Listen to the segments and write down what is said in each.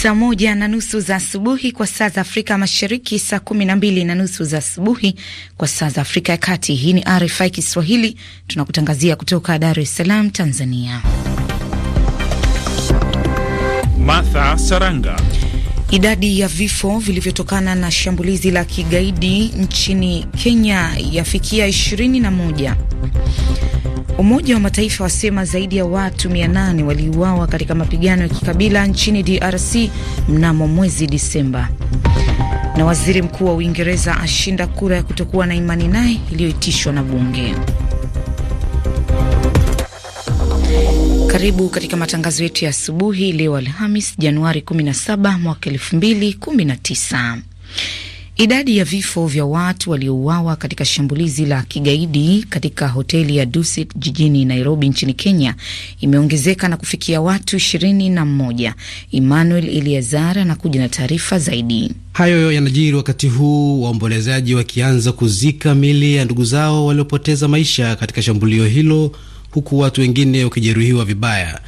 saa moja na nusu za asubuhi kwa saa za Afrika Mashariki, saa kumi na mbili na nusu za asubuhi kwa saa za Afrika ya Kati. Hii ni RFI Kiswahili, tunakutangazia kutoka Dar es Salaam, Tanzania. Martha Saranga. Idadi ya vifo vilivyotokana na shambulizi la kigaidi nchini Kenya yafikia 21. Umoja wa Mataifa wasema zaidi ya watu 800 waliuawa katika mapigano ya kikabila nchini DRC mnamo mwezi Disemba. Na waziri mkuu wa Uingereza ashinda kura ya kutokuwa na imani naye iliyoitishwa na bunge. Karibu katika matangazo yetu ya asubuhi leo Alhamis Januari 17 mwaka 2019. Idadi ya vifo vya watu waliouawa katika shambulizi la kigaidi katika hoteli ya Dusit jijini Nairobi nchini Kenya imeongezeka na kufikia watu ishirini na mmoja. Emmanuel Eliazar anakuja na taarifa zaidi. Hayo yanajiri wakati huu waombolezaji wakianza kuzika mili ya ndugu zao waliopoteza maisha katika shambulio hilo, huku watu wengine wakijeruhiwa vibaya.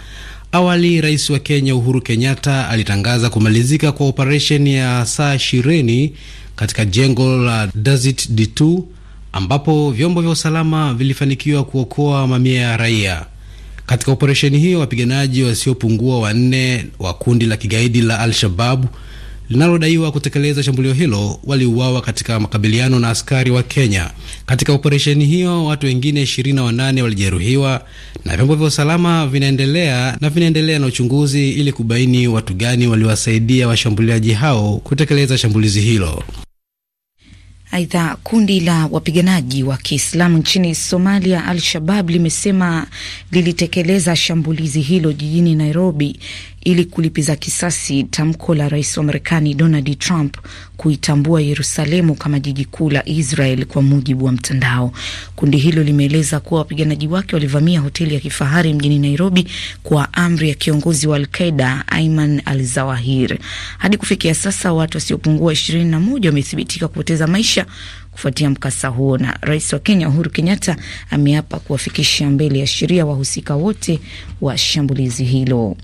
Awali rais wa Kenya Uhuru Kenyatta alitangaza kumalizika kwa operesheni ya saa ishirini katika jengo la Dazit D2 ambapo vyombo vya usalama vilifanikiwa kuokoa mamia ya raia. Katika operesheni hiyo, wapiganaji wasiopungua wanne wa kundi la kigaidi la Al-Shababu linalodaiwa kutekeleza shambulio hilo waliuawa katika makabiliano na askari wa Kenya. Katika operesheni hiyo, watu wengine 28 walijeruhiwa, na vyombo vya usalama vinaendelea na vinaendelea na uchunguzi ili kubaini watu gani waliwasaidia washambuliaji hao kutekeleza shambulizi hilo. Aidha, kundi la wapiganaji wa Kiislamu nchini Somalia Al-Shabab limesema lilitekeleza shambulizi hilo jijini Nairobi ili kulipiza kisasi tamko la rais wa Marekani Donald Trump kuitambua Yerusalemu kama jiji kuu la Israel. Kwa mujibu wa mtandao, kundi hilo limeeleza kuwa wapiganaji wake walivamia hoteli ya kifahari mjini Nairobi kwa amri ya kiongozi wa Alqaida Aiman al Zawahir. Hadi kufikia sasa watu wasiopungua 21 wamethibitika kupoteza maisha kufuatia mkasa huo, na rais wa Kenya Uhuru Kenyatta ameapa kuwafikisha mbele ya sheria wahusika wote wa shambulizi hilo.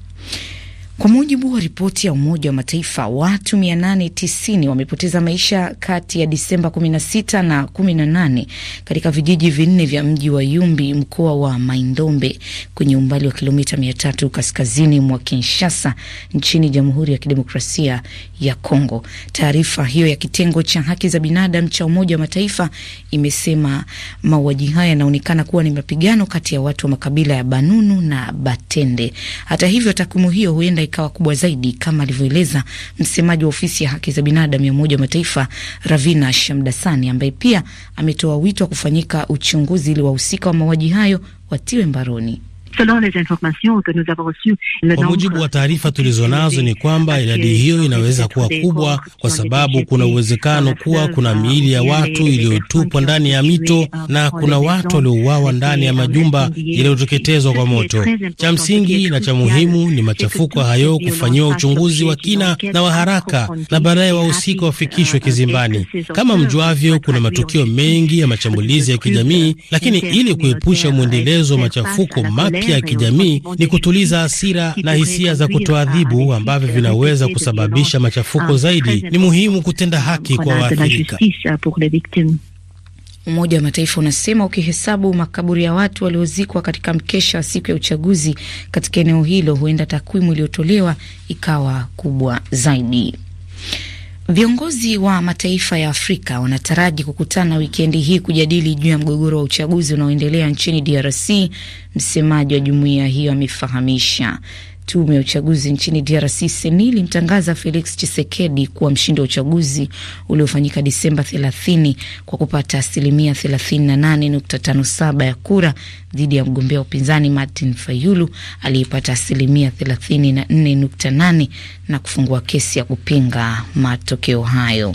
Kwa mujibu wa ripoti ya Umoja wa Mataifa, watu 890 wamepoteza maisha kati ya Disemba 16 na 18 katika vijiji vinne vya mji wa Yumbi, mkoa wa Maindombe, kwenye umbali wa kilomita 300 kaskazini mwa Kinshasa, nchini Jamhuri ya Kidemokrasia ya Kongo. Taarifa hiyo ya kitengo cha haki za binadamu cha Umoja wa Mataifa imesema mauaji haya yanaonekana kuwa ni mapigano kati ya watu wa makabila ya Banunu na Batende. Hata hivyo, takwimu hiyo huenda ikawa kubwa zaidi, kama alivyoeleza msemaji wa ofisi ya haki za binadamu ya Umoja wa Mataifa Ravina Shamdasani, ambaye pia ametoa wito wa kufanyika uchunguzi ili wahusika wa mauaji hayo watiwe mbaroni selon les informations que nous avons reçues. Kwa mujibu wa taarifa tulizonazo ni kwamba idadi hiyo inaweza kuwa kubwa, kwa sababu kuna uwezekano kuwa kuna miili ya watu iliyotupwa ndani ya mito na kuna watu waliouawa ndani ya majumba yaliyoteketezwa kwa moto. Cha msingi na cha muhimu ni machafuko hayo kufanyiwa uchunguzi wa kina na wa haraka, na baadaye wahusika wafikishwe kizimbani. Kama mjuavyo, kuna matukio mengi ya mashambulizi ya kijamii, lakini ili kuepusha mwendelezo wa machafuko mapya afya ya kijamii ni kutuliza hasira na hisia za kutoadhibu ambavyo vinaweza kusababisha machafuko ah, zaidi. Ni muhimu kutenda haki kwa waathirika. Umoja wa Mataifa unasema ukihesabu makaburi ya watu waliozikwa katika mkesha wa siku ya uchaguzi katika eneo hilo, huenda takwimu iliyotolewa ikawa kubwa zaidi. Viongozi wa mataifa ya Afrika wanataraji kukutana wikendi hii kujadili juu ya mgogoro wa uchaguzi unaoendelea nchini DRC, msemaji wa jumuiya hiyo amefahamisha. Tume ya uchaguzi nchini DRC seni ilimtangaza Felix Chisekedi kuwa mshindi wa uchaguzi uliofanyika Disemba 30 kwa kupata asilimia 38.57 ya kura dhidi ya mgombea wa upinzani Martin Fayulu aliyepata asilimia 34.8 na kufungua kesi ya kupinga matokeo hayo.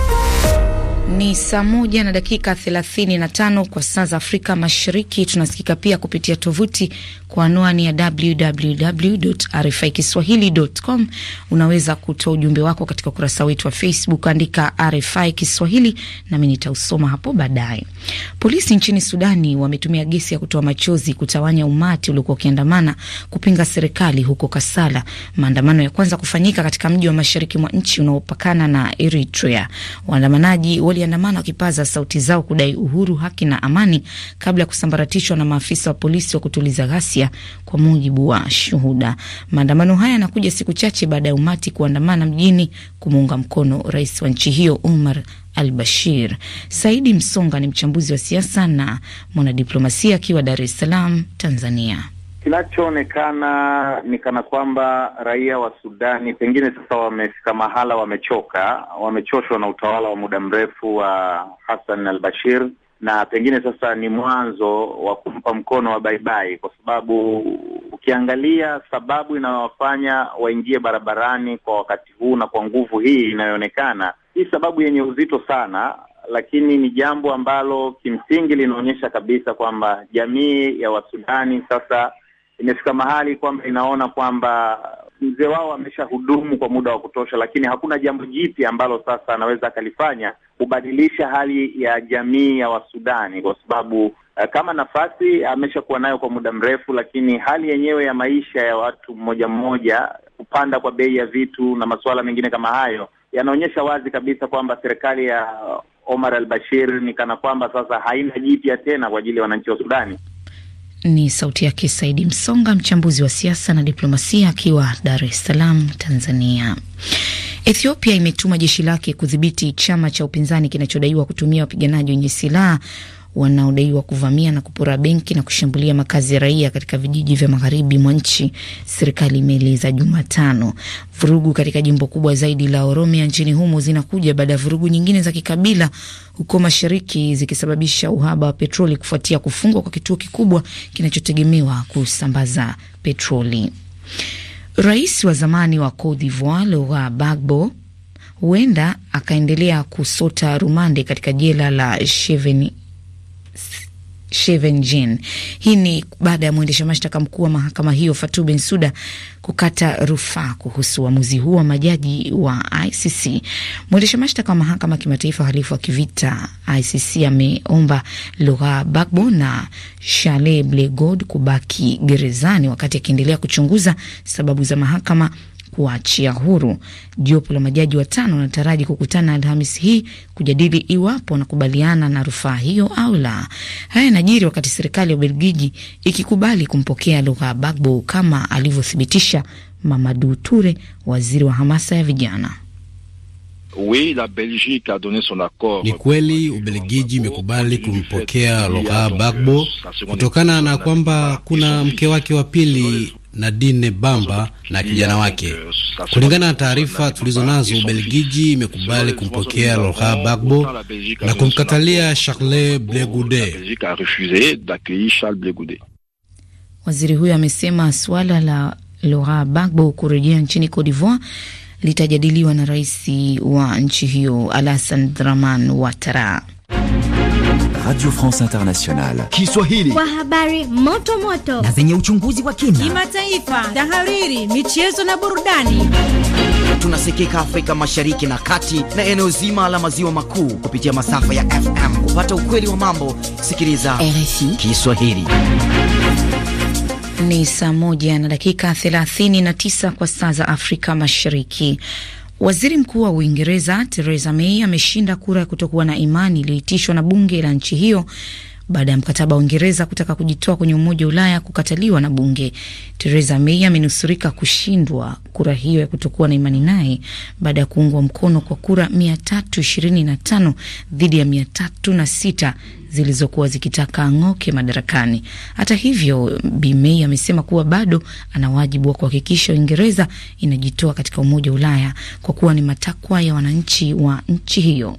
Ni saa moja na dakika thelathini na tano kwa saa za Afrika Mashariki. Tunasikika pia kupitia tovuti kwa anwani ya www RFI Kiswahili.com. Unaweza kutoa ujumbe wako katika ukurasa wetu wa Facebook, andika RFI Kiswahili nami nitausoma hapo baadaye. Polisi nchini Sudani wametumia gesi ya kutoa machozi kutawanya umati uliokuwa ukiandamana kupinga serikali huko Kasala, maandamano ya kwanza kufanyika katika mji wa mashariki mwa nchi unaopakana na Eritrea. Waandamanaji wali waliandamana wakipaza sauti zao kudai uhuru, haki na amani kabla ya kusambaratishwa na maafisa wa polisi wa kutuliza ghasia, kwa mujibu wa shuhuda. Maandamano haya yanakuja siku chache baada ya umati kuandamana mjini kumuunga mkono rais wa nchi hiyo Umar al Bashir. Saidi Msonga ni mchambuzi wa siasa na mwanadiplomasia akiwa Dar es Salaam, Tanzania. Kinachoonekana ni kana kwamba raia wa Sudani pengine sasa wamefika mahala, wamechoka, wamechoshwa na utawala wa muda mrefu wa Hassan al-Bashir, na pengine sasa ni mwanzo wa kumpa mkono wa baibai, kwa sababu ukiangalia sababu inayowafanya waingie barabarani kwa wakati huu na kwa nguvu hii inayoonekana, hii sababu yenye uzito sana lakini ni jambo ambalo kimsingi linaonyesha kabisa kwamba jamii ya Wasudani sasa imefika mahali kwamba inaona kwamba mzee wao ameshahudumu kwa muda wa kutosha, lakini hakuna jambo jipya ambalo sasa anaweza akalifanya kubadilisha hali ya jamii ya Wasudani kwa sababu uh, kama nafasi ameshakuwa nayo kwa muda mrefu, lakini hali yenyewe ya maisha ya watu mmoja mmoja, kupanda kwa bei ya vitu na masuala mengine kama hayo yanaonyesha wazi kabisa kwamba serikali ya eh, Omar al-Bashir ni kana kwamba sasa haina jipya tena kwa ajili ya wananchi wa Sudani. Ni sauti yake Saidi Msonga, mchambuzi wa siasa na diplomasia, akiwa Dar es Salaam, Tanzania. Ethiopia imetuma jeshi lake kudhibiti chama cha upinzani kinachodaiwa kutumia wapiganaji wenye silaha wanaodaiwa kuvamia na kupora benki na kushambulia makazi ya raia katika vijiji vya magharibi mwa nchi, serikali imeeleza Jumatano. Vurugu katika jimbo kubwa zaidi la Oromia nchini humo zinakuja baada ya vurugu nyingine za kikabila huko mashariki zikisababisha uhaba wa petroli kufuatia kufungwa kwa kituo kikubwa kinachotegemewa kusambaza petroli. Rais wa zamani wa Cote d'Ivoire Laurent Gbagbo huenda akaendelea kusota rumande katika jela la Cheveni Shevenjin. Hii ni baada ya mwendesha mashtaka mkuu wa mahakama hiyo Fatou Bensouda kukata rufaa kuhusu uamuzi huo wa majaji wa ICC. Mwendesha mashtaka wa mahakama kimataifa halifu wa kivita ICC ameomba Laurent Gbagbo na Charles Ble Goude kubaki gerezani wakati akiendelea kuchunguza sababu za mahakama kuwaachia huru. Jopo la majaji watano wanataraji kukutana Alhamis hii kujadili iwapo wanakubaliana na rufaa hiyo au la. Haya yanajiri wakati serikali ya Ubelgiji ikikubali kumpokea ya Bagbo kama alivyothibitisha Mamadu Ture, waziri wa hamasa ya vijana. Ni kweli Ubelgiji imekubali kumpokea Laurent Gbagbo kutokana na kwamba kuna mke wake wa pili Nadine Bamba na kijana wake. Kulingana na taarifa tulizo nazo, Ubelgiji imekubali kumpokea Laurent bagbo na kumkatalia Charles Ble Waziri huyo amesema suala la Laurent bagbo kurejea nchini Cote d'Ivoire litajadiliwa na rais wa nchi hiyo Alassane Draman Ouattara. Radio France Internationale Kiswahili kwa habari moto moto na zenye uchunguzi wa kina, kimataifa, tahariri, michezo na burudani. Tunasikika Afrika Mashariki na Kati na eneo zima la maziwa makuu kupitia masafa ya FM. Kupata ukweli wa mambo, sikiliza RFI Kiswahili. Ni saa moja na dakika 39 kwa saa za Afrika Mashariki. Waziri Mkuu wa Uingereza Theresa May ameshinda kura ya kutokuwa na imani iliyoitishwa na bunge la nchi hiyo baada ya mkataba wa Uingereza kutaka kujitoa kwenye Umoja wa Ulaya kukataliwa na bunge. Theresa May amenusurika kushindwa kura hiyo ya kutokuwa na imani naye baada ya kuungwa mkono kwa kura 325 dhidi ya 306 zilizokuwa zikitaka ang'oke madarakani. Hata hivyo, Bi May amesema kuwa bado ana wajibu wa kuhakikisha Uingereza inajitoa katika Umoja wa Ulaya kwa kuwa ni matakwa ya wananchi wa nchi hiyo.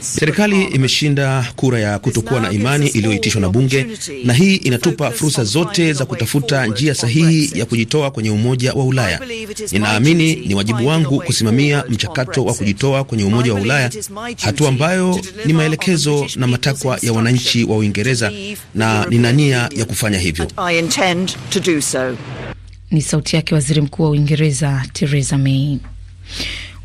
Serikali imeshinda kura ya kutokuwa na imani iliyoitishwa na bunge na hii inatupa fursa zote za kutafuta njia sahihi ya kujitoa kwenye Umoja wa Ulaya. Ninaamini ni wajibu wangu kusimamia mchakato wa kujitoa kwenye Umoja wa Ulaya, hatua ambayo ni maelekezo na matakwa ya wananchi wa Uingereza na nina nia ya kufanya hivyo. Ni sauti yake Waziri Mkuu wa Uingereza Theresa May.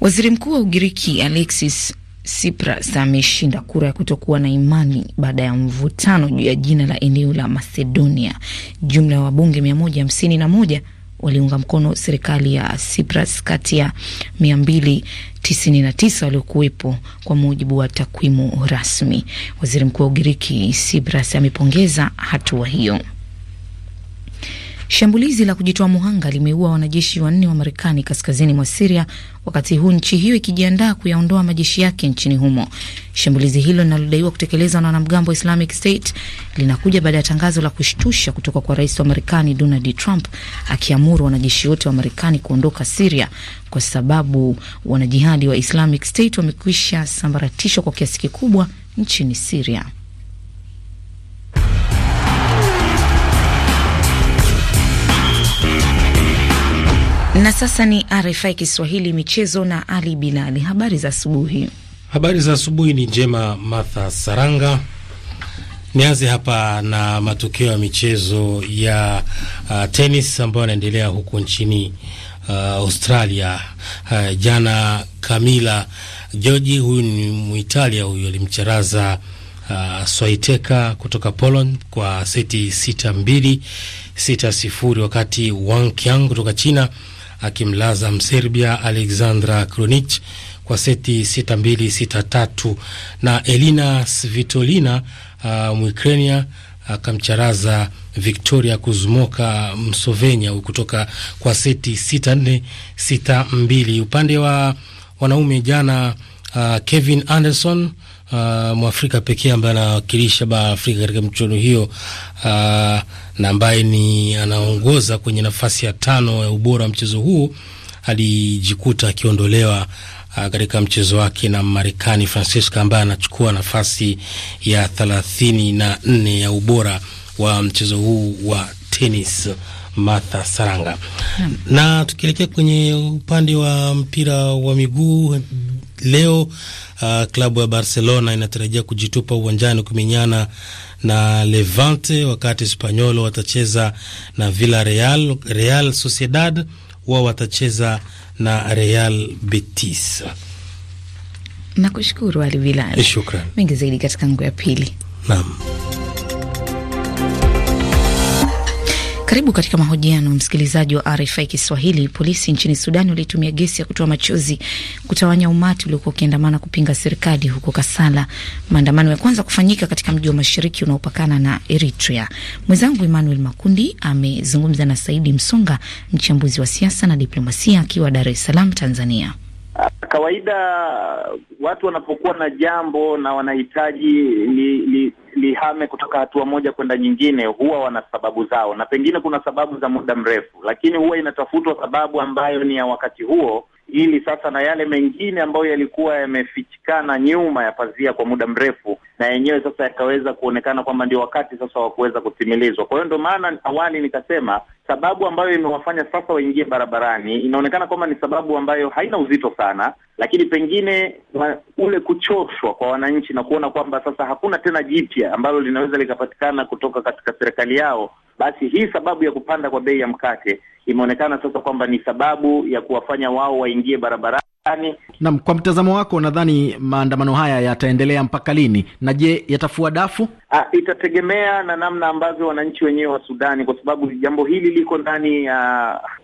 Waziri Mkuu wa Ugiriki Alexis Tsipras ameshinda kura ya kutokuwa na imani baada ya mvutano juu ya jina la eneo la Macedonia. Jumla ya wabunge 151 waliunga mkono serikali ya sipras kati ya 299 waliokuwepo kwa mujibu wa takwimu rasmi. Waziri Mkuu wa Ugiriki sipras amepongeza hatua hiyo. Shambulizi la kujitoa muhanga limeua wanajeshi wanne wa Marekani kaskazini mwa Siria, wakati huu nchi hiyo ikijiandaa kuyaondoa majeshi yake nchini humo. Shambulizi hilo linalodaiwa kutekelezwa na wanamgambo wa Islamic State linakuja baada ya tangazo la kushtusha kutoka kwa rais wa Marekani Donald Trump akiamuru wanajeshi wote wa Marekani kuondoka Siria kwa sababu wanajihadi wa Islamic State wamekwisha sambaratishwa kwa kiasi kikubwa nchini Siria. Na sasa ni RFI Kiswahili michezo na Ali Bilali. Habari za asubuhi. Habari za asubuhi ni njema, Martha Saranga. Nianze hapa na matokeo ya michezo ya uh, tenis ambayo yanaendelea huko nchini uh, Australia. Uh, jana Kamila Georgi, huyu ni Muitalia, huyu alimcharaza uh, Swaiteka kutoka Poland kwa seti sita mbili sita sifuri, wakati Wang Qiang kutoka China akimlaza Mserbia alexandra Krunic kwa seti 6-2 6-3, na Elina Svitolina uh, Muukrania akamcharaza Victoria Kuzmoka Mslovenia kutoka kwa seti 6-4 6-2. Upande wa wanaume jana, uh, Kevin Anderson uh, mwafrika pekee ambaye anawakilisha bara Afrika katika michuano hiyo uh, na ambaye ni anaongoza kwenye nafasi ya tano ya ubora wa mchezo huu alijikuta akiondolewa uh, katika mchezo wake na Marekani Francisca ambaye anachukua nafasi ya thelathini na nne ya ubora wa mchezo huu wa tenis. Martha Saranga. Hmm. Na tukielekea kwenye upande wa mpira wa miguu leo. Uh, klabu ya Barcelona inatarajia kujitupa uwanjani kumenyana na Levante, wakati Spanyolo watacheza na Villarreal. Real Sociedad wao watacheza na Real Betis. Nakushukuru Ali Bilal. Shukran. Mengi zaidi katika nguo ya pili. Naam. Karibu katika mahojiano, msikilizaji wa RFI Kiswahili. Polisi nchini sudani walitumia gesi ya kutoa machozi kutawanya umati uliokuwa ukiandamana kupinga serikali huko Kasala, maandamano ya kwanza kufanyika katika mji wa mashariki unaopakana na Eritrea. Mwenzangu Emmanuel Makundi amezungumza na Saidi Msonga, mchambuzi wa siasa na diplomasia, akiwa Dar es Salaam, Tanzania. Ah, kawaida watu wanapokuwa na jambo na wanahitaji lihame kutoka hatua moja kwenda nyingine, huwa wana sababu zao, na pengine kuna sababu za muda mrefu, lakini huwa inatafutwa sababu ambayo ni ya wakati huo, ili sasa na yale mengine ambayo yalikuwa yamefichikana nyuma ya pazia kwa muda mrefu, na yenyewe sasa yakaweza kuonekana kwamba ndio wakati sasa wa kuweza kutimilizwa. Kwa hiyo ndio maana awali nikasema sababu ambayo imewafanya sasa waingie barabarani inaonekana kwamba ni sababu ambayo haina uzito sana, lakini pengine wa, ule kuchoshwa kwa wananchi na kuona kwamba sasa hakuna tena jipya ambalo linaweza likapatikana kutoka katika serikali yao, basi hii sababu ya kupanda kwa bei ya mkate imeonekana sasa kwamba ni sababu ya kuwafanya wao waingie barabarani. Yaani, Naam, kwa mtazamo wako nadhani maandamano haya yataendelea mpaka lini? Na je, yatafua dafu? A, ah, itategemea na namna ambavyo wananchi wenyewe wa Sudani, kwa sababu jambo hili liko ndani ya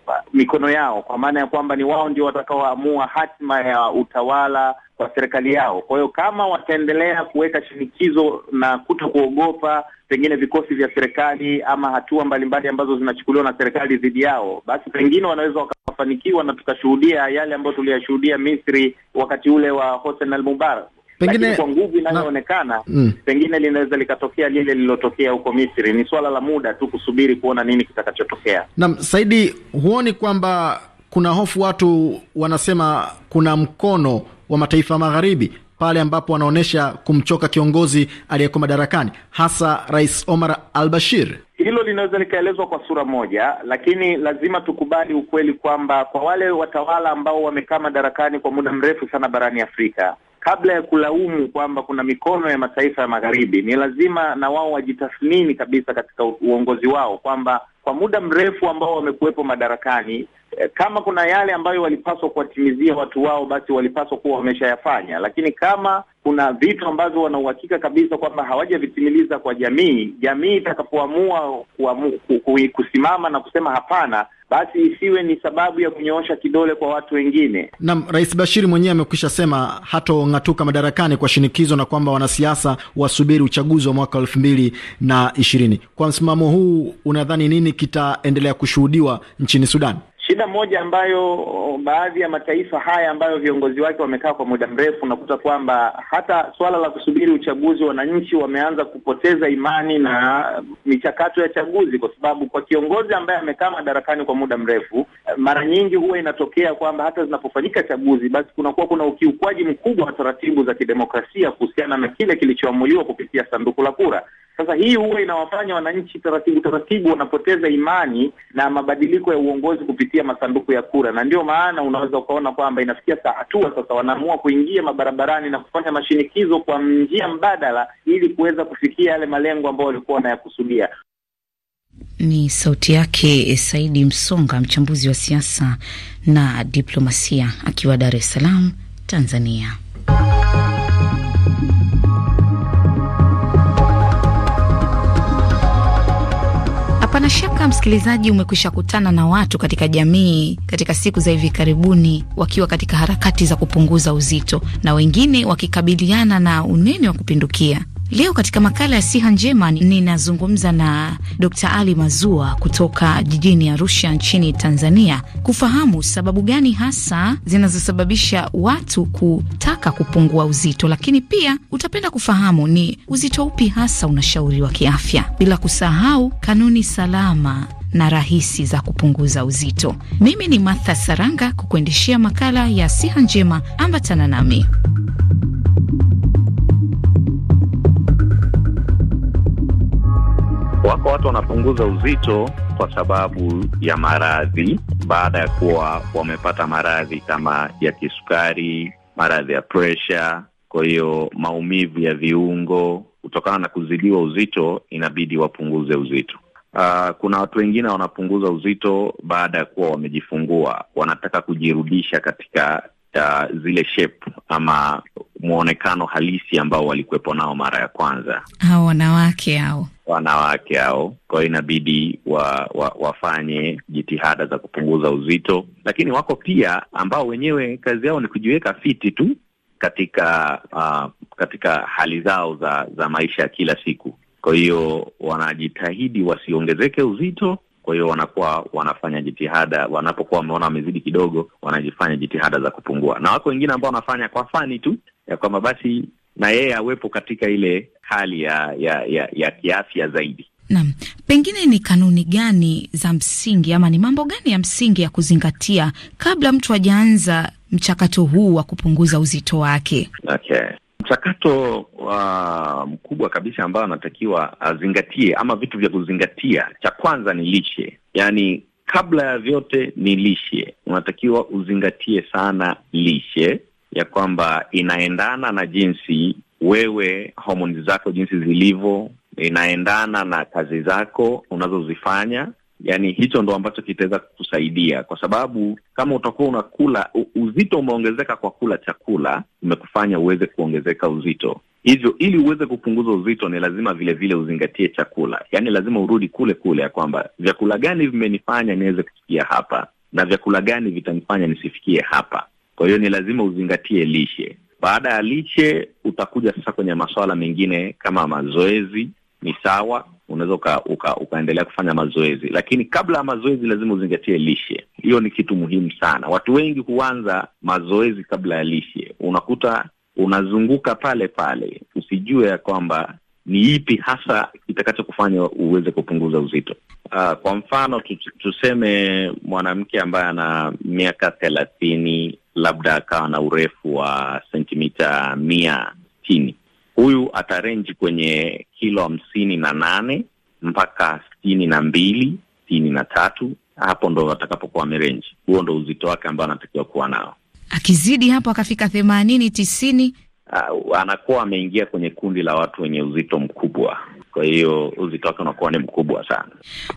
uh, mikono yao, kwa maana ya kwamba ni wao ndio watakaoamua hatima ya utawala kwa serikali yao. Kwa hiyo kama wataendelea kuweka shinikizo na kuto kuogopa pengine vikosi vya serikali ama hatua mbalimbali ambazo zinachukuliwa na serikali dhidi yao, basi pengine wanaweza wakafanikiwa na tukashuhudia yale ambayo tuliyashuhudia Misri wakati ule wa Hosni al Mubarak. Pengine kwa nguvu inayoonekana mm, pengine linaweza likatokea lile lililotokea huko Misri. Ni swala la muda tu kusubiri kuona nini kitakachotokea. Naam, Saidi, huoni kwamba kuna hofu, watu wanasema kuna mkono wa mataifa magharibi pale ambapo wanaonyesha kumchoka kiongozi aliyeko madarakani, hasa Rais Omar al-Bashir. Hilo linaweza likaelezwa kwa sura moja, lakini lazima tukubali ukweli kwamba kwa wale watawala ambao wamekaa madarakani kwa muda mrefu sana barani Afrika, kabla ya kulaumu kwamba kuna mikono ya mataifa ya magharibi, ni lazima na wao wajitathmini kabisa katika uongozi wao kwamba kwa muda mrefu ambao wamekuwepo madarakani Eh, kama kuna yale ambayo walipaswa kuwatimizia watu wao, basi walipaswa kuwa wameshayafanya, lakini kama kuna vitu ambavyo wanauhakika kabisa kwamba hawajavitimiliza kwa jamii, jamii itakapoamua kusimama na kusema hapana, basi isiwe ni sababu ya kunyoosha kidole kwa watu wengine. Naam, Rais Bashiri mwenyewe amekwisha sema hatong'atuka madarakani kwa shinikizo na kwamba wanasiasa wasubiri uchaguzi wa mwaka elfu mbili na ishirini. Kwa msimamo huu, unadhani nini kitaendelea kushuhudiwa nchini Sudan? Shida moja ambayo baadhi ya mataifa haya ambayo viongozi wake wamekaa kwa muda mrefu, unakuta kwamba hata suala la kusubiri uchaguzi, wananchi wameanza kupoteza imani na michakato ya chaguzi, kwa sababu kwa kiongozi ambaye amekaa madarakani kwa muda mrefu, mara nyingi huwa inatokea kwamba hata zinapofanyika chaguzi, basi kunakuwa kuna ukiukwaji mkubwa wa taratibu za kidemokrasia kuhusiana na kile kilichoamuliwa kupitia sanduku la kura. Sasa hii huwa inawafanya wananchi taratibu taratibu wanapoteza imani na mabadiliko ya uongozi kupitia masanduku ya kura, na ndio maana unaweza ukaona kwamba inafikia hatua sasa wanaamua kuingia mabarabarani na kufanya mashinikizo kwa njia mbadala ili kuweza kufikia yale malengo ambayo walikuwa wanayakusudia. Ni sauti yake Saidi Msonga, mchambuzi wa siasa na diplomasia, akiwa Dar es Salaam, Tanzania. Hapana shaka msikilizaji, umekwisha kutana na watu katika jamii katika siku za hivi karibuni wakiwa katika harakati za kupunguza uzito na wengine wakikabiliana na unene wa kupindukia. Leo katika makala ya siha njema ninazungumza na Dr. Ali Mazua kutoka jijini Arusha nchini Tanzania kufahamu sababu gani hasa zinazosababisha watu kutaka kupungua uzito, lakini pia utapenda kufahamu ni uzito upi hasa unashauriwa kiafya, bila kusahau kanuni salama na rahisi za kupunguza uzito. Mimi ni Martha Saranga kukuendeshea makala ya siha njema, ambatana nami. Wako watu wanapunguza uzito kwa sababu ya maradhi, baada ya kuwa wamepata maradhi kama ya kisukari, maradhi ya presha, kwa hiyo maumivu ya viungo kutokana na kuzidiwa uzito, inabidi wapunguze uzito. Uh, kuna watu wengine wanapunguza uzito baada ya kuwa wamejifungua, wanataka kujirudisha katika uh, zile shape ama mwonekano halisi ambao walikuwepo nao mara ya kwanza, hao wanawake hao wanawake hao. Kwa hiyo inabidi wa, wa, wafanye jitihada za kupunguza uzito, lakini wako pia ambao wenyewe kazi yao ni kujiweka fiti tu katika uh, katika hali zao za, za maisha ya kila siku. Kwa hiyo wanajitahidi wasiongezeke uzito kwa hiyo wanakuwa wanafanya jitihada, wanapokuwa wameona wamezidi kidogo, wanajifanya jitihada za kupungua, na wako wengine ambao wanafanya kwa fani tu, ya kwamba basi na yeye awepo katika ile hali ya ya, ya, ya kiafya zaidi. Naam, pengine ni kanuni gani za msingi ama ni mambo gani ya msingi ya kuzingatia kabla mtu hajaanza mchakato huu wa kupunguza uzito wake? Okay. Mchakato wa mkubwa kabisa ambao anatakiwa azingatie ama vitu vya kuzingatia, cha kwanza ni lishe. Yaani kabla ya vyote ni lishe, unatakiwa uzingatie sana lishe ya kwamba inaendana na jinsi wewe homoni zako jinsi zilivyo, inaendana na kazi zako unazozifanya. Yani hicho ndo ambacho kitaweza kusaidia kwa sababu kama utakuwa unakula uzito umeongezeka kwa kula chakula, umekufanya uweze kuongezeka uzito. Hivyo ili uweze kupunguza uzito, ni lazima vile vile uzingatie chakula, yani lazima urudi kule kule, ya kwamba vyakula gani vimenifanya niweze kufikia hapa na vyakula gani vitanifanya nisifikie hapa. Kwa hiyo ni lazima uzingatie lishe. Baada ya lishe, utakuja sasa kwenye masuala mengine kama mazoezi. Ni sawa, unaweza uka, uka, ukaendelea kufanya mazoezi, lakini kabla ya mazoezi lazima uzingatie lishe. Hiyo ni kitu muhimu sana. Watu wengi huanza mazoezi kabla ya lishe, unakuta unazunguka pale pale, usijue ya kwamba ni ipi hasa itakachokufanya uweze kupunguza uzito. Uh, kwa mfano tuseme mwanamke ambaye ana miaka thelathini labda akawa na urefu wa sentimita mia sitini huyu atarenji kwenye kilo hamsini na nane mpaka sitini na mbili sitini na tatu hapo ndo atakapokuwa amerenji. Huo ndo uzito wake ambao anatakiwa kuwa nao. Akizidi hapo akafika themanini tisini, uh, anakuwa ameingia kwenye kundi la watu wenye uzito mkubwa. Kwa hiyo uzito wake unakuwa ni mkubwa sana.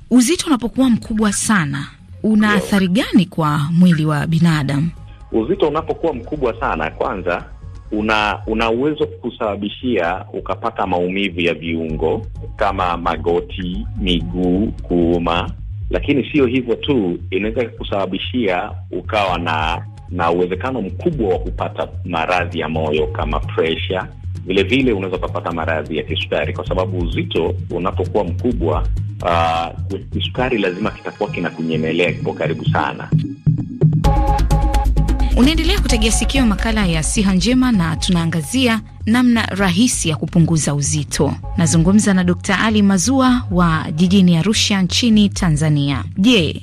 Uzito unapokuwa mkubwa sana una athari gani kwa mwili wa binadamu? Uzito unapokuwa mkubwa sana, kwanza una una uwezo kusababishia ukapata maumivu ya viungo kama magoti, miguu kuuma, lakini sio hivyo tu, inaweza kusababishia ukawa na na uwezekano mkubwa wa kupata maradhi ya moyo kama presha. Vile vile unaweza ukapata maradhi ya kisukari, kwa sababu uzito unapokuwa mkubwa, uh, kisukari lazima kitakuwa kinakunyemelea, kipo karibu sana. Unaendelea kutegea sikio makala ya siha njema, na tunaangazia namna rahisi ya kupunguza uzito. Nazungumza na Dr Ali Mazua wa jijini Arusha nchini Tanzania. Je,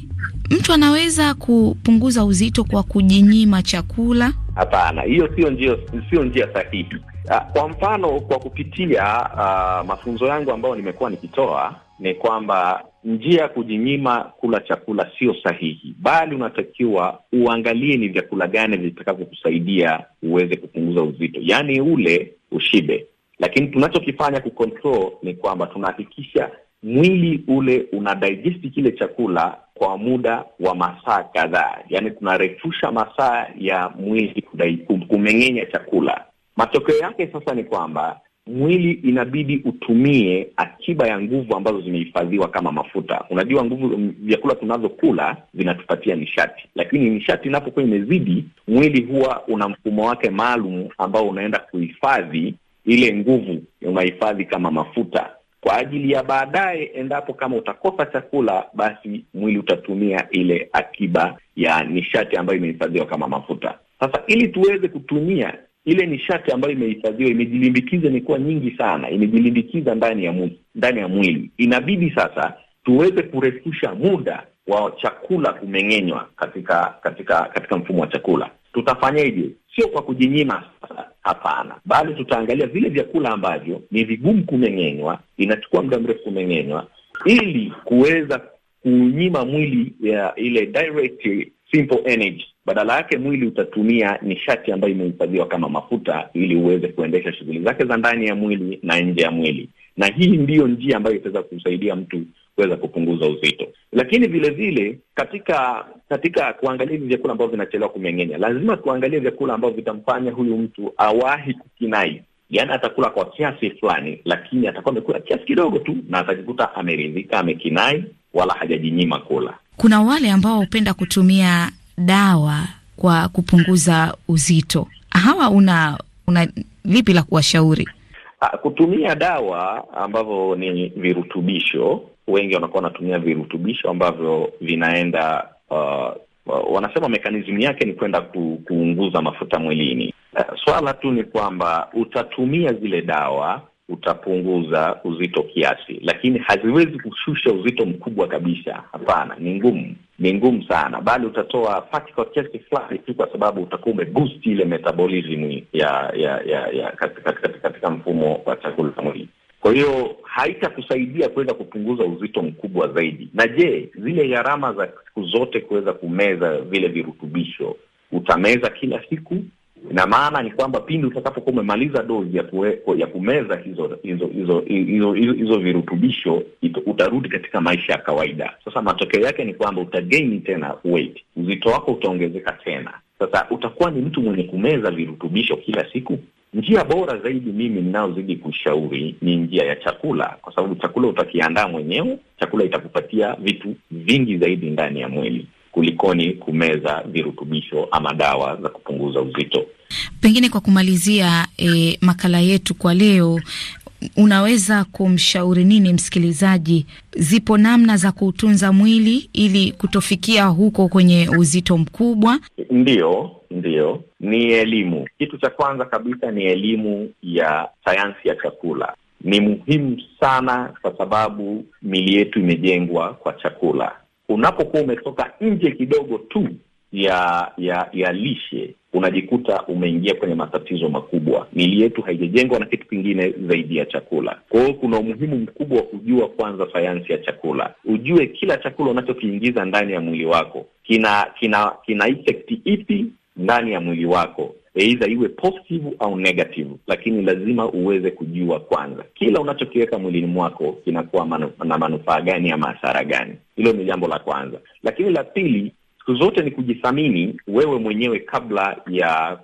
mtu anaweza kupunguza uzito kwa kujinyima chakula? Hapana, hiyo sio njia, sio njia sahihi. Ah, kwa mfano, kwa kupitia uh, mafunzo yangu ambayo nimekuwa nikitoa ni kwamba njia ya kujinyima kula chakula sio sahihi, bali unatakiwa uangalie ni vyakula gani vitakavyokusaidia uweze kupunguza uzito, yaani ule ushibe. Lakini tunachokifanya kucontrol ni kwamba tunahakikisha mwili ule una kile chakula kwa muda wa masaa kadhaa, yaani tunarefusha masaa ya mwili kumeng'enya chakula. Matokeo yake sasa ni kwamba mwili inabidi utumie akiba ya nguvu ambazo zimehifadhiwa kama mafuta. Unajua, nguvu, um, vyakula tunazokula vinatupatia nishati, lakini nishati inapokuwa imezidi, mwili huwa una mfumo wake maalum ambao unaenda kuhifadhi ile nguvu, unahifadhi kama mafuta kwa ajili ya baadaye, endapo kama utakosa chakula, basi mwili utatumia ile akiba ya nishati ambayo imehifadhiwa kama mafuta. Sasa ili tuweze kutumia ile nishati ambayo imehifadhiwa imejilimbikiza, imekuwa nyingi sana, imejilimbikiza ndani ya mwili, ndani ya mwili. Inabidi sasa tuweze kurefusha muda wa chakula kumeng'enywa katika katika katika mfumo wa chakula. Tutafanyaje? Sio kwa kujinyima sasa, hapana, bali tutaangalia vile vyakula ambavyo ni vigumu kumeng'enywa, inachukua muda mrefu kumeng'enywa, ili kuweza kunyima mwili ya ile direct simple energy badala yake mwili utatumia nishati ambayo imehifadhiwa kama mafuta, ili uweze kuendesha shughuli zake za ndani ya mwili na nje ya mwili, na hii ndiyo njia ambayo itaweza kumsaidia mtu kuweza kupunguza uzito. Lakini vile vile katika katika kuangalia hivi vyakula ambavyo vinachelewa kumeng'enya, lazima tuangalie vyakula ambavyo vitamfanya huyu mtu awahi kukinai. Yaani atakula kwa kiasi fulani, lakini atakuwa amekula kiasi kidogo tu, na atajikuta ameridhika, amekinai, wala hajajinyima kula. Kuna wale ambao hupenda kutumia dawa kwa kupunguza uzito, hawa una una lipi la kuwashauri? Ah, kutumia dawa ambavyo ni virutubisho, wengi wanakuwa wanatumia virutubisho ambavyo vinaenda uh, uh wanasema mekanizmu yake ni kwenda ku, kuunguza mafuta mwilini. Uh, swala tu ni kwamba utatumia zile dawa utapunguza uzito kiasi, lakini haziwezi kushusha uzito mkubwa kabisa. Hapana, ni ngumu, ni ngumu sana, bali utatoa pati kwa kiasi fulani tu, kwa sababu utakuwa umeboost ile metabolism ya ya ya, ya katika, katika, katika mfumo wa chakula cha mwili. Kwa hiyo haitakusaidia kuweza kupunguza uzito mkubwa zaidi. Na je, zile gharama za siku zote kuweza kumeza vile virutubisho utameza kila siku Ina maana ni kwamba pindi utakapokuwa umemaliza dozi ya ya kumeza hizo hizo hizo hizo, hizo virutubisho ito, utarudi katika maisha ya kawaida. Sasa matokeo yake ni kwamba utageini tena weight, uzito wako utaongezeka tena. Sasa utakuwa ni mtu mwenye kumeza virutubisho kila siku. Njia bora zaidi mimi ninaozidi kushauri ni njia ya chakula, kwa sababu chakula utakiandaa mwenyewe, chakula itakupatia vitu vingi zaidi ndani ya mwili kulikoni kumeza virutubisho ama dawa za kupunguza uzito. Pengine kwa kumalizia e, makala yetu kwa leo, unaweza kumshauri nini msikilizaji? Zipo namna za kuutunza mwili ili kutofikia huko kwenye uzito mkubwa? Ndiyo, ndiyo, ni elimu. Kitu cha kwanza kabisa ni elimu ya sayansi ya chakula ni muhimu sana kwa sababu mili yetu imejengwa kwa chakula unapokuwa umetoka nje kidogo tu ya ya ya lishe unajikuta umeingia kwenye matatizo makubwa. Mili yetu haijajengwa na kitu kingine zaidi ya chakula. Kwa hiyo kuna umuhimu mkubwa wa kujua kwanza sayansi ya chakula, ujue kila chakula unachokiingiza ndani ya mwili wako kina kina kina effect ipi ndani ya mwili wako eidha iwe positive au negative, lakini lazima uweze kujua kwanza kila unachokiweka mwilini mwako kinakuwa manu, na manufaa gani ama hasara gani. Hilo ni jambo la kwanza, lakini la pili siku zote ni kujithamini wewe mwenyewe kabla ya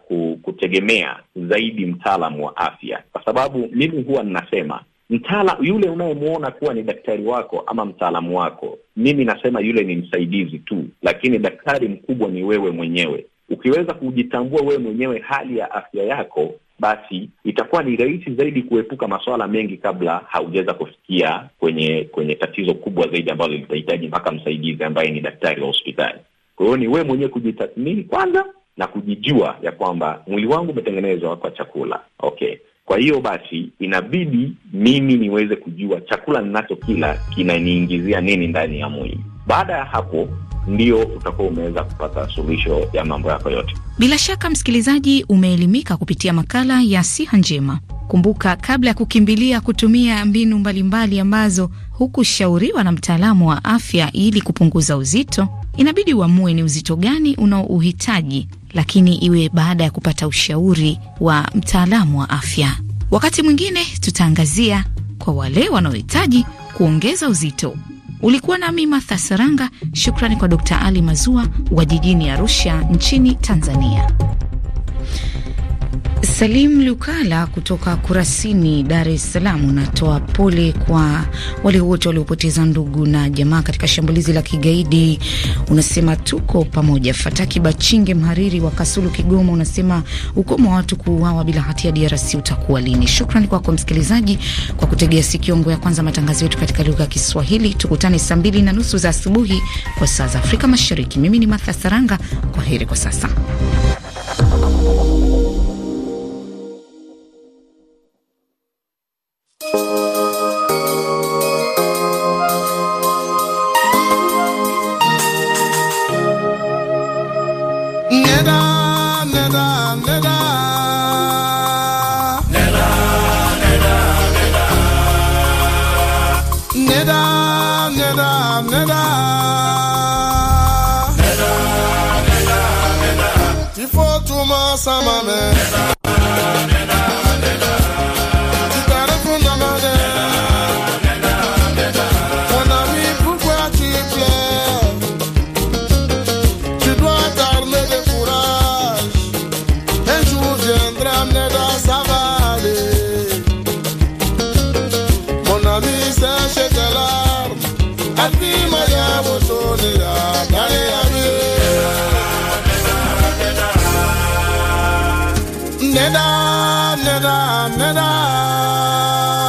kutegemea zaidi mtaalamu wa afya, kwa sababu mimi huwa ninasema mtaala yule unayemwona kuwa ni daktari wako ama mtaalamu wako, mimi nasema yule ni msaidizi tu, lakini daktari mkubwa ni wewe mwenyewe. Ukiweza kujitambua wewe mwenyewe hali ya afya yako, basi itakuwa ni rahisi zaidi kuepuka masuala mengi kabla haujaweza kufikia kwenye kwenye tatizo kubwa zaidi ambalo litahitaji mpaka msaidizi ambaye ni daktari wa hospitali. Kwa hiyo ni wewe mwenyewe kujitathmini kwanza na kujijua ya kwamba mwili wangu umetengenezwa kwa chakula, okay kwa hiyo basi inabidi mimi niweze kujua chakula ninachokila kinaniingizia nini ndani ya mwili. Baada ya hapo ndio utakuwa umeweza kupata suluhisho ya mambo yako yote. Bila shaka, msikilizaji, umeelimika kupitia makala ya Siha Njema. Kumbuka, kabla ya kukimbilia kutumia mbinu mbalimbali ambazo hukushauriwa na mtaalamu wa afya ili kupunguza uzito, inabidi uamue ni uzito gani unaouhitaji, lakini iwe baada ya kupata ushauri wa mtaalamu wa afya. Wakati mwingine tutaangazia kwa wale wanaohitaji kuongeza uzito. Ulikuwa nami Matha Saranga. Shukrani kwa Dr Ali Mazua wa jijini Arusha nchini Tanzania. Salim Lukala kutoka Kurasini, Dar es Salaam, unatoa pole kwa wale wote waliopoteza ndugu na jamaa katika shambulizi la kigaidi. Unasema tuko pamoja. Fataki Bachinge, mhariri wa Kasulu, Kigoma, unasema ukomo wa watu kuuawa bila hatia DRC utakuwa lini? Shukrani kwako msikilizaji kwa kutegea sikiongo ya kwanza matangazo yetu katika lugha ya Kiswahili. Tukutane saa mbili na nusu za asubuhi kwa saa za Afrika Mashariki. Mimi ni matha Saranga, kwa heri kwa sasa. summer, man. never, never.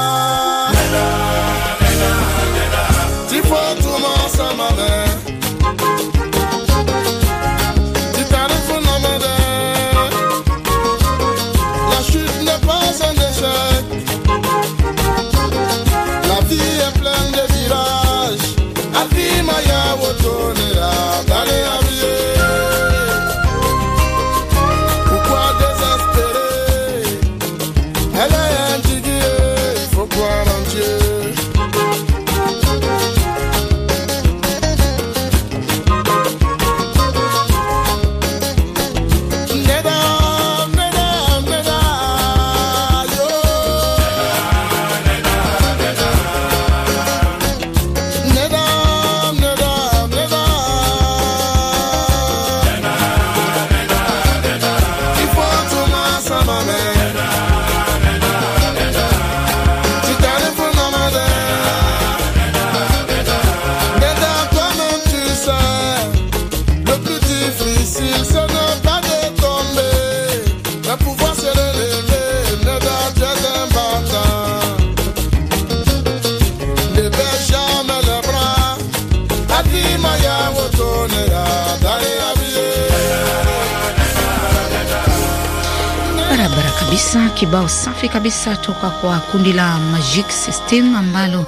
kibao safi kabisa toka kwa kundi la Magic System ambalo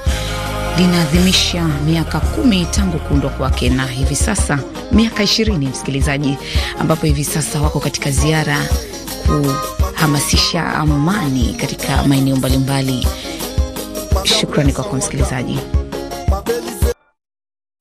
linaadhimisha miaka kumi tangu kuundwa kwake na hivi sasa miaka ishirini, msikilizaji, ambapo hivi sasa wako katika ziara kuhamasisha amani katika maeneo mbalimbali. Shukrani kwako msikilizaji.